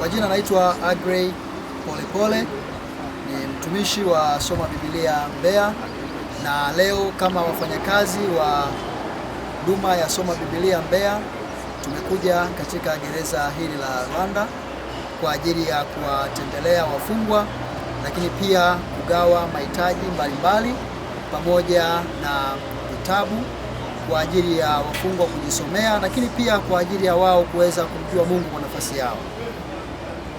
Kwa jina naitwa Agrey Polepole, ni mtumishi wa Soma Biblia Mbeya, na leo kama wafanyakazi wa huduma ya Soma Biblia Mbeya tumekuja katika gereza hili la rwanda kwa ajili ya kuwatembelea wafungwa, lakini pia kugawa mahitaji mbalimbali pamoja na vitabu kwa ajili ya wafungwa kujisomea, lakini pia kwa ajili ya wao kuweza kumjua Mungu kwa nafasi yao.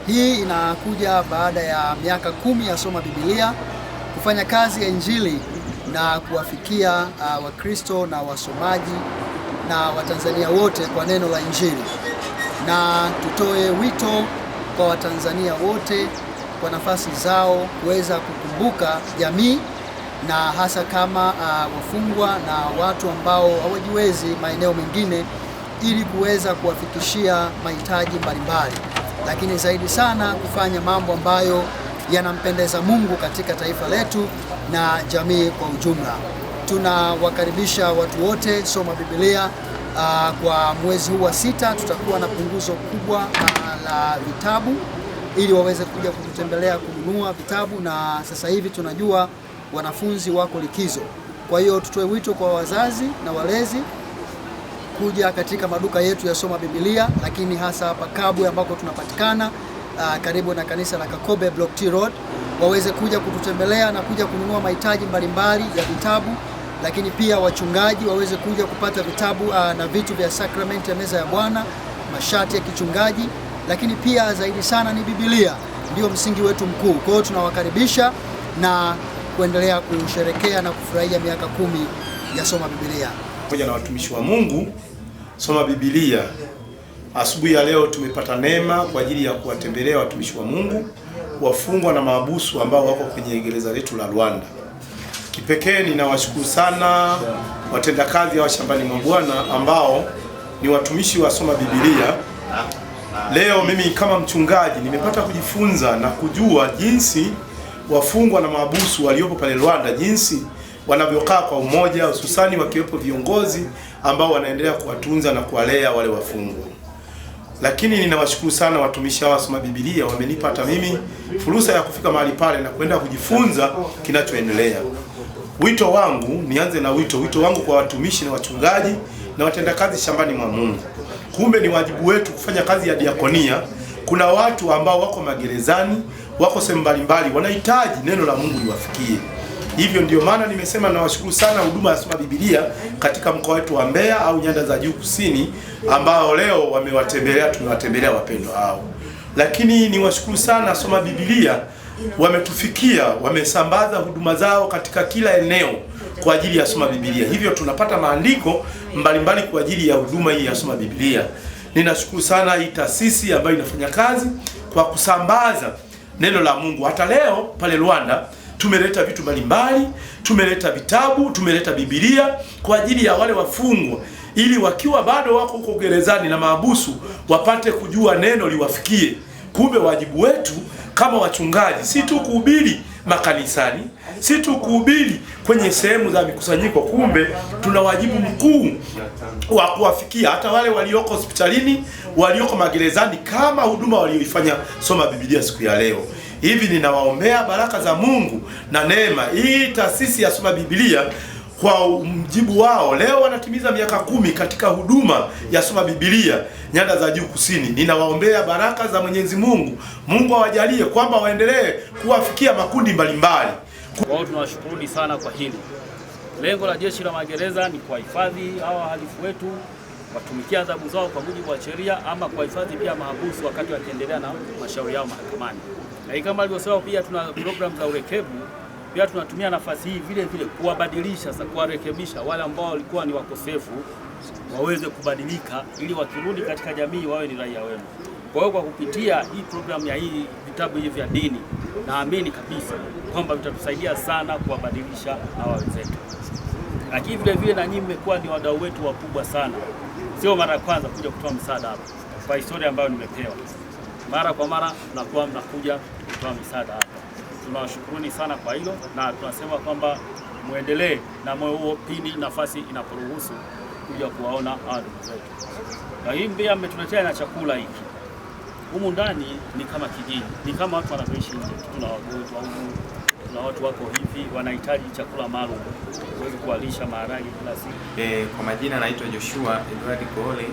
Hii inakuja baada ya miaka kumi ya Soma Biblia kufanya kazi ya Injili na kuwafikia uh, Wakristo na wasomaji na Watanzania wote kwa neno la Injili, na tutoe wito kwa Watanzania wote kwa nafasi zao kuweza kukumbuka jamii na hasa kama uh, wafungwa na watu ambao hawajiwezi maeneo mengine, ili kuweza kuwafikishia mahitaji mbalimbali lakini zaidi sana kufanya mambo ambayo yanampendeza Mungu katika taifa letu na jamii kwa ujumla. Tunawakaribisha watu wote soma Biblia. Uh, kwa mwezi huu wa sita tutakuwa na punguzo kubwa uh, la vitabu ili waweze kuja kututembelea kununua vitabu, na sasa hivi tunajua wanafunzi wako likizo. Kwa hiyo tutoe wito kwa wazazi na walezi kuja katika maduka yetu ya Soma Biblia, lakini hasa hapa Kabwe ambako tunapatikana ah, karibu na kanisa la Kakobe Block T Road, waweze kuja kututembelea na kuja kununua mahitaji mbalimbali ya vitabu, lakini pia wachungaji waweze kuja kupata vitabu ah, na vitu vya sakramenti ya meza ya Bwana, mashati ya kichungaji, lakini pia zaidi sana ni Biblia ndio msingi wetu mkuu. Kwa hiyo tunawakaribisha na kuendelea kusherekea na kufurahia miaka kumi ya Soma Biblia pamoja na watumishi wa Mungu soma Biblia. Asubuhi ya leo tumepata neema kwa ajili ya kuwatembelea watumishi wa Mungu, wafungwa na maabusu ambao wako kwenye gereza letu la Rwanda. Kipekee ninawashukuru sana watendakazi wa shambani mwa Bwana ambao ni watumishi wa soma Biblia. Leo mimi kama mchungaji nimepata kujifunza na kujua jinsi wafungwa na maabusu waliopo pale Rwanda jinsi wanavyokaa kwa umoja, hususani wakiwepo viongozi ambao wanaendelea kuwatunza na kuwalea wale wafungwa. Lakini ninawashukuru sana watumishi hawa wasoma Biblia, wamenipa hata mimi fursa ya kufika mahali pale na kwenda kujifunza kinachoendelea. Wito wangu, nianze na wito, wito wangu kwa watumishi na wachungaji na watendakazi shambani mwa Mungu. Kumbe ni wajibu wetu kufanya kazi ya diakonia. Kuna watu ambao wako magerezani, wako sehemu mbalimbali, wanahitaji neno la Mungu liwafikie. Hivyo ndio maana nimesema nawashukuru sana huduma ya Soma Biblia katika mkoa wetu wa Mbeya au nyanda za juu kusini, ambao leo wamewatembelea, tumewatembelea wapendwa hao, lakini niwashukuru sana Soma Biblia wametufikia wamesambaza huduma zao katika kila eneo kwa ajili ya Soma Biblia. Hivyo tunapata maandiko mbalimbali kwa ajili ya huduma hii ya Soma Biblia. Ninashukuru sana hii taasisi ambayo inafanya kazi kwa kusambaza neno la Mungu. Hata leo pale Rwanda tumeleta vitu mbalimbali, tumeleta vitabu, tumeleta Biblia kwa ajili ya wale wafungwa, ili wakiwa bado wako huko gerezani na maabusu wapate kujua neno liwafikie. Kumbe wajibu wetu kama wachungaji si tu kuhubiri makanisani, si tu kuhubiri kwenye sehemu za mikusanyiko. Kumbe tuna wajibu mkuu wa kuwafikia hata wale walioko hospitalini, walioko magerezani, kama huduma walioifanya Soma Biblia siku ya leo hivi ninawaombea baraka za Mungu na neema. Hii taasisi ya Soma Biblia kwa mjibu wao leo wanatimiza miaka kumi katika huduma ya Soma Biblia nyanda za juu kusini. Ninawaombea baraka za Mwenyezi Mungu. Mungu awajalie kwamba waendelee kuwafikia makundi mbalimbali. Wao tunawashukuru sana kwa hili. Lengo la jeshi la magereza ni kuwahifadhi hawa wahalifu wetu watumikia adhabu zao kwa mujibu wa sheria, ama kuwahifadhi pia mahabusu wakati wakiendelea na mashauri yao mahakamani. Lakini kama alivyosema pia tuna program za urekebu, pia tunatumia nafasi hii vile vile kuwabadilisha sasa, kuwarekebisha wale ambao walikuwa ni wakosefu waweze kubadilika ili wakirudi katika jamii wawe ni raia wema. Kwa hiyo kwa kupitia hii programu ya hii vitabu hivi vya dini, naamini kabisa kwamba vitatusaidia sana kuwabadilisha hawa wenzetu. Lakini vile vile na nyinyi mmekuwa ni wadau wetu wakubwa sana, sio mara ya kwanza kuja kutoa msaada hapa, kwa historia ambayo nimepewa mara kwa mara mnakuwa mnakuja kutoa misaada hapa. Tunawashukuruni sana kwa hilo, na tunasema kwamba muendelee na moyo huo pindi nafasi inaporuhusu kuja kuwaona hawa ndugu zetu. hii mbia mmetuletea na chakula hiki humu ndani ni kama kijiji, ni kama watu wanavyoishi nje. Tuna wagonjwa humu, tuna watu wako hivi wanahitaji chakula maalum, kuweza kuwalisha maharage kila siku. Eh, kwa majina naitwa Joshua Edward Kohole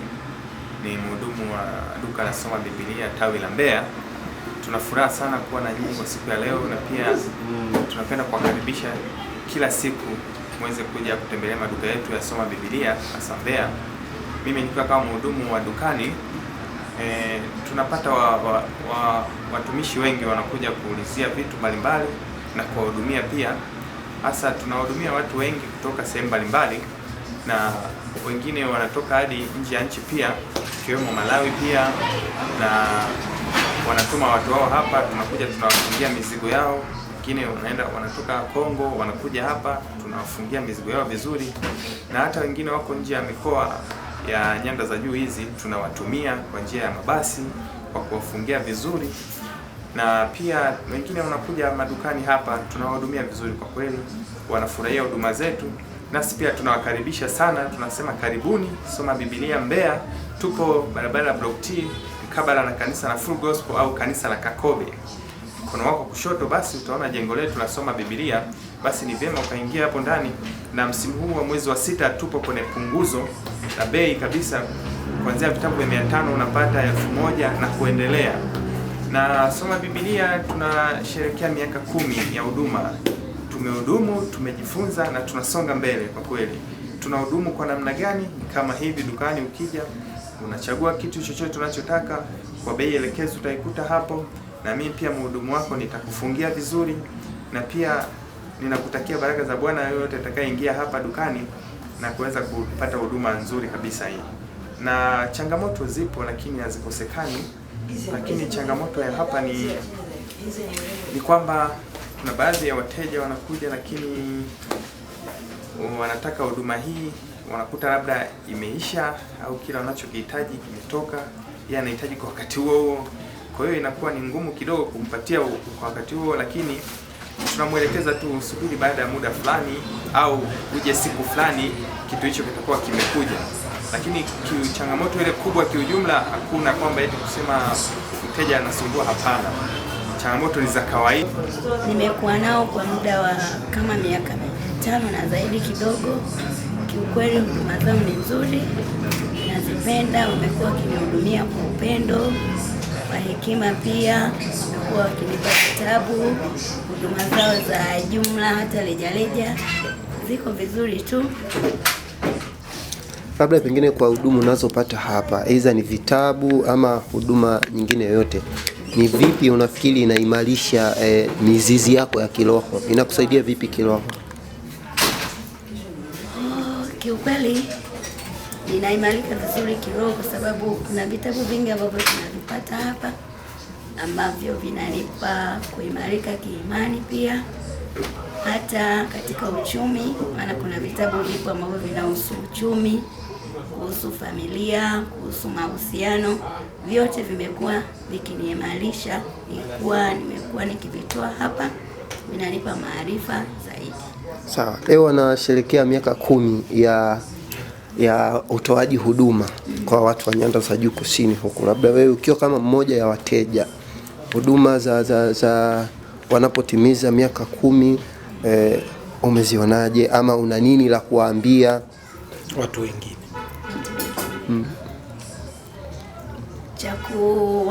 ni mhudumu wa duka la Soma Biblia tawi la Mbeya. Tuna furaha sana kuwa na nyinyi kwa siku ya leo, na pia tunapenda kuwakaribisha kila siku muweze kuja kutembelea maduka yetu ya Soma Biblia hasa Mbeya. Mimi nikiwa kama mhudumu wa dukani e, tunapata wa, wa, wa, watumishi wengi wanakuja kuulizia vitu mbalimbali na kuwahudumia pia, hasa tunawahudumia watu wengi kutoka sehemu mbalimbali na wengine wanatoka hadi nje ya nchi pia ikiwemo Malawi pia, na wanatuma watu wao hapa, tunakuja tunawafungia mizigo yao. Wengine wanaenda wanatoka Kongo wanakuja hapa, tunawafungia mizigo yao vizuri, na hata wengine wako nje ya mikoa ya nyanda za juu hizi, tunawatumia kwa njia ya mabasi kwa kuwafungia vizuri na pia wengine wanakuja madukani hapa tunawahudumia vizuri. Kwa kweli wanafurahia huduma zetu. Nasi pia tunawakaribisha sana, tunasema karibuni Soma Biblia Mbeya. Tupo barabara ya Block T mkabala na kanisa la Full Gospel au kanisa la Kakobe. Mkono wako kushoto, basi utaona jengo letu la Soma Biblia, basi ni vyema ukaingia hapo ndani. Na msimu huu wa mwezi wa sita tupo kwenye punguzo la bei kabisa, kuanzia vitabu vya mia tano unapata elfu moja na kuendelea. Na Soma Biblia tunasherekea miaka kumi ya huduma tumehudumu, tumejifunza na tunasonga mbele. Kwa kweli tunahudumu kwa namna gani? Kama hivi dukani, ukija unachagua kitu chochote unachotaka kwa bei elekezi, utaikuta hapo, na mimi pia mhudumu wako nitakufungia vizuri, na pia ninakutakia baraka za Bwana yoyote atakayeingia hapa dukani na kuweza kupata huduma nzuri kabisa hii. Na changamoto zipo, lakini hazikosekani. Lakini changamoto ya hapa ni ni kwamba kuna baadhi ya wateja wanakuja, lakini wanataka huduma hii, wanakuta labda imeisha au kila wanachokihitaji kimetoka, yeye anahitaji kwa wakati huo huo. Kwa hiyo inakuwa ni ngumu kidogo kumpatia kwa wakati huo, lakini tunamwelekeza tu usubiri baada ya muda fulani au uje siku fulani, kitu hicho kitakuwa kimekuja. Lakini changamoto ile kubwa kiujumla, hakuna kwamba eti kusema mteja anasumbua, hapana changamoto ni za kawaida. Nimekuwa nao kwa muda wa kama miaka mitano na zaidi kidogo. Kiukweli huduma zao ni nzuri, nazipenda. Wamekuwa wakinihudumia kwa upendo kwa hekima, pia wamekuwa wakinipa vitabu. Huduma zao za jumla hata rejareja ziko vizuri tu. Labda pengine kwa huduma unazopata hapa, aidha ni vitabu ama huduma nyingine yoyote ni vipi unafikiri inaimarisha eh, mizizi yako ya kiroho, inakusaidia vipi kiroho? kiukweli inaimarika vizuri kiroho kwa sababu kuna vitabu vingi ambavyo tunavipata hapa ambavyo vinanipa kuimarika kiimani, pia hata katika uchumi, maana kuna vitabu vipo ambavyo vinahusu uchumi kuhusu familia, kuhusu mahusiano, vyote vimekuwa vikiniimarisha, nilikuwa nimekuwa nikivitoa hapa, vinanipa maarifa zaidi. Sawa, leo wanasherekea miaka kumi ya ya utoaji huduma kwa watu wa nyanda za juu kusini huku, labda wewe ukiwa kama mmoja ya wateja huduma za, za, za wanapotimiza miaka kumi eh, umezionaje ama una nini la kuwaambia watu wengine? mm. cha